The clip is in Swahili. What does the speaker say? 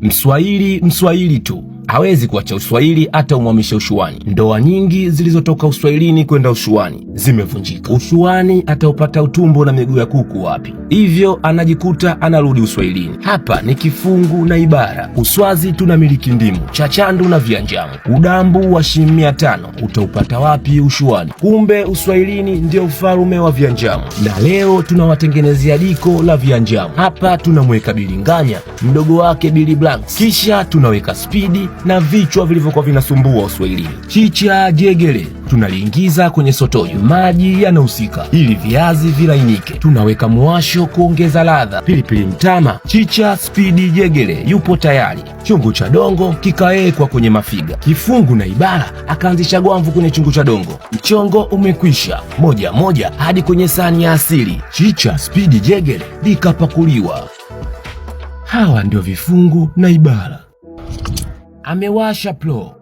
Mswahili Mswahili tu hawezi kuacha uswahili hata umwamishe ushuani. Ndoa nyingi zilizotoka uswahilini kwenda ushuani zimevunjika. Ushuani ataupata utumbo na miguu ya kuku wapi? Hivyo anajikuta anarudi uswahilini. Hapa ni kifungu na ibara. Uswazi tuna miliki ndimu, chachandu na vianjamu. Udambu wa shilingi mia tano utaupata wapi ushuani? Kumbe uswahilini ndio ufalume wa vianjamu, na leo tunawatengenezea diko la vianjamu. Hapa tunamweka bilinganya mdogo wake Billy Blanks, kisha tunaweka spidi na vichwa vilivyokuwa vinasumbua Uswahilini. Chicha jegele tunaliingiza kwenye sotojo, maji yanahusika ili viazi vilainike. Tunaweka mwasho kuongeza ladha, pilipili mtama. Chicha spidi jegele yupo tayari. Chungu cha dongo kikawekwa kwenye mafiga, kifungu na ibara akaanzisha gwamvu kwenye chungu cha dongo. Mchongo umekwisha, moja moja hadi kwenye sahani ya asili. Chicha spidi jegele likapakuliwa. Hawa ndio vifungu na ibara amewasha plo